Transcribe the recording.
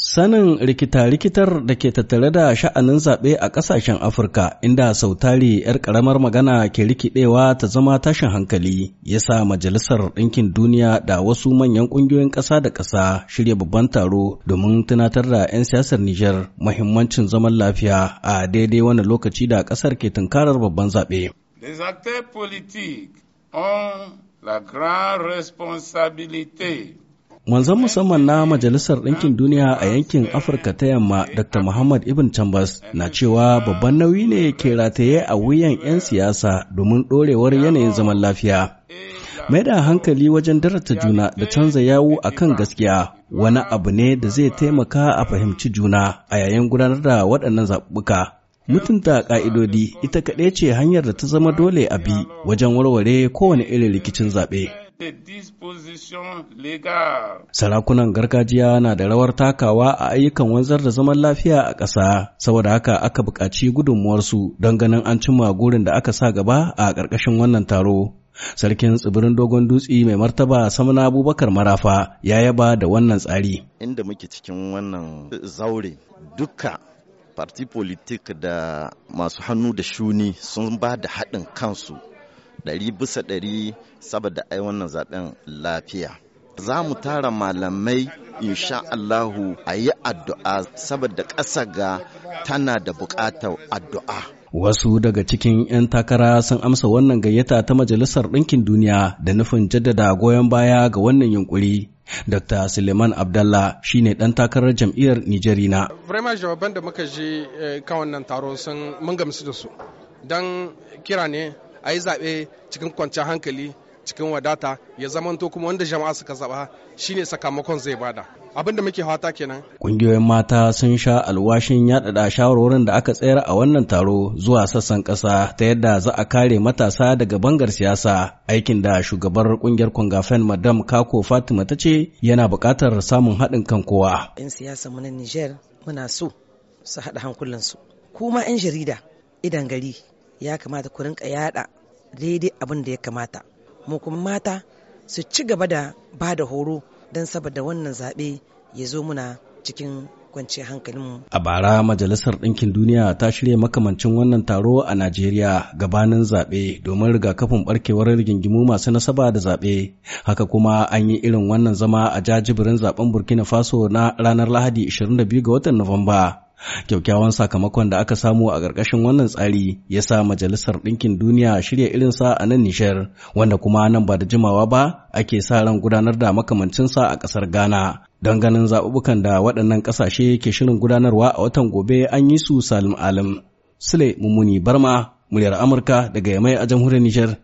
Sanin rikita-rikitar da ke tattare da sha'anin zaɓe a ƙasashen Afirka inda sautari 'yar ƙaramar magana ke rikidewa ta zama tashin hankali ya sa Majalisar Ɗinkin Duniya da wasu manyan ƙungiyoyin ƙasa da ƙasa shirya babban taro domin tunatar da 'yan siyasar Nijar mahimmancin zaman lafiya a daidai wani lokaci da ƙasar ke tunkarar babban zaɓe. Les la grande responsabilité Manzon musamman na Majalisar Ɗinkin Duniya a yankin Afirka ta Yamma Dr. Muhammad Ibn chambers na cewa babban nauyi ne ke rataye a wuyan 'yan siyasa domin ɗorewar yanayin zaman lafiya. Mai da hankali wajen darata juna da canza yawo a kan gaskiya wani abu ne da zai taimaka a fahimci juna a yayin gudanar da waɗannan zaɓuɓɓuka. mutunta ƙa'idodi ita kaɗai ce hanyar da ta zama dole a bi wajen warware kowane irin rikicin zaɓe. de Sarakunan gargajiya na da rawar takawa a ayyukan wanzar da zaman lafiya a ƙasa, saboda haka aka buƙaci gudunmuwarsu don ganin an cimma gurin da aka sa gaba a ƙarƙashin wannan taro. Sarkin tsibirin dogon dutse mai martaba samun Abubakar Marafa ya yaba da wannan tsari. Inda muke cikin wannan zaure duka parti politik da masu hannu da shuni sun ba da haɗin kansu ɗari bisa ɗari saboda ai wannan zaben lafiya. Za mu tara malamai insha Allahu a yi addu'a saboda ƙasa ga tana da buƙatar addu'a. Wasu daga cikin 'yan takara sun amsa wannan gayyata ta Majalisar Ɗinkin Duniya da nufin jaddada goyon baya ga wannan yunkuri. Dr. Suleiman Abdallah shine ɗan takarar jam'iyyar na Vraiment jawaban da muka ji eh, kan wannan taro sun mun gamsu da su. Don kira ne a yi zaɓe cikin kwanciyar hankali cikin wadata ya zamanto kuma wanda jama'a suka zaba shine sakamakon zai bada abin da muke fata kenan kungiyoyin mata sun sha alwashin yaɗaɗa shawarorin da aka tsayar a wannan taro zuwa sassan ƙasa ta yadda za a kare matasa daga bangar siyasa aikin da shugabar kungiyar kwangafen madam kako fatima ta ce yana bukatar samun haɗin kan kowa yan siyasa mu na niger muna so su haɗa hankulansu kuma yan jarida idan gari ya kamata ku rinka yada daidai abin da ya kamata mu kuma mata su ci gaba da ba da horo don saboda wannan zaɓe ya zo muna cikin kwanciyar hankalin mu A bara Majalisar Ɗinkin Duniya ta shirya makamancin wannan taro a Najeriya gabanin zaɓe domin rigakafin ɓarkewar rigingimu masu nasaba da zaɓe. Haka kuma an yi irin wannan zama a jajibirin zaben Burkina Faso na ranar Lahadi 22 ga watan Nuwamba. Kyaukyawan sakamakon da aka samu a ƙarƙashin wannan tsari ya sa Majalisar Ɗinkin Duniya shirya irin sa a nan Nishar, wanda kuma nan ba da jimawa ba ake sa ran gudanar da makamancinsa a ƙasar Ghana. Don ganin zaɓuɓɓukan da waɗannan ƙasashe ke shirin gudanarwa a watan gobe an yi su salim alim. Sule Mummuni Barma, muryar Amurka daga Yamai a jamhuriyar Nijar.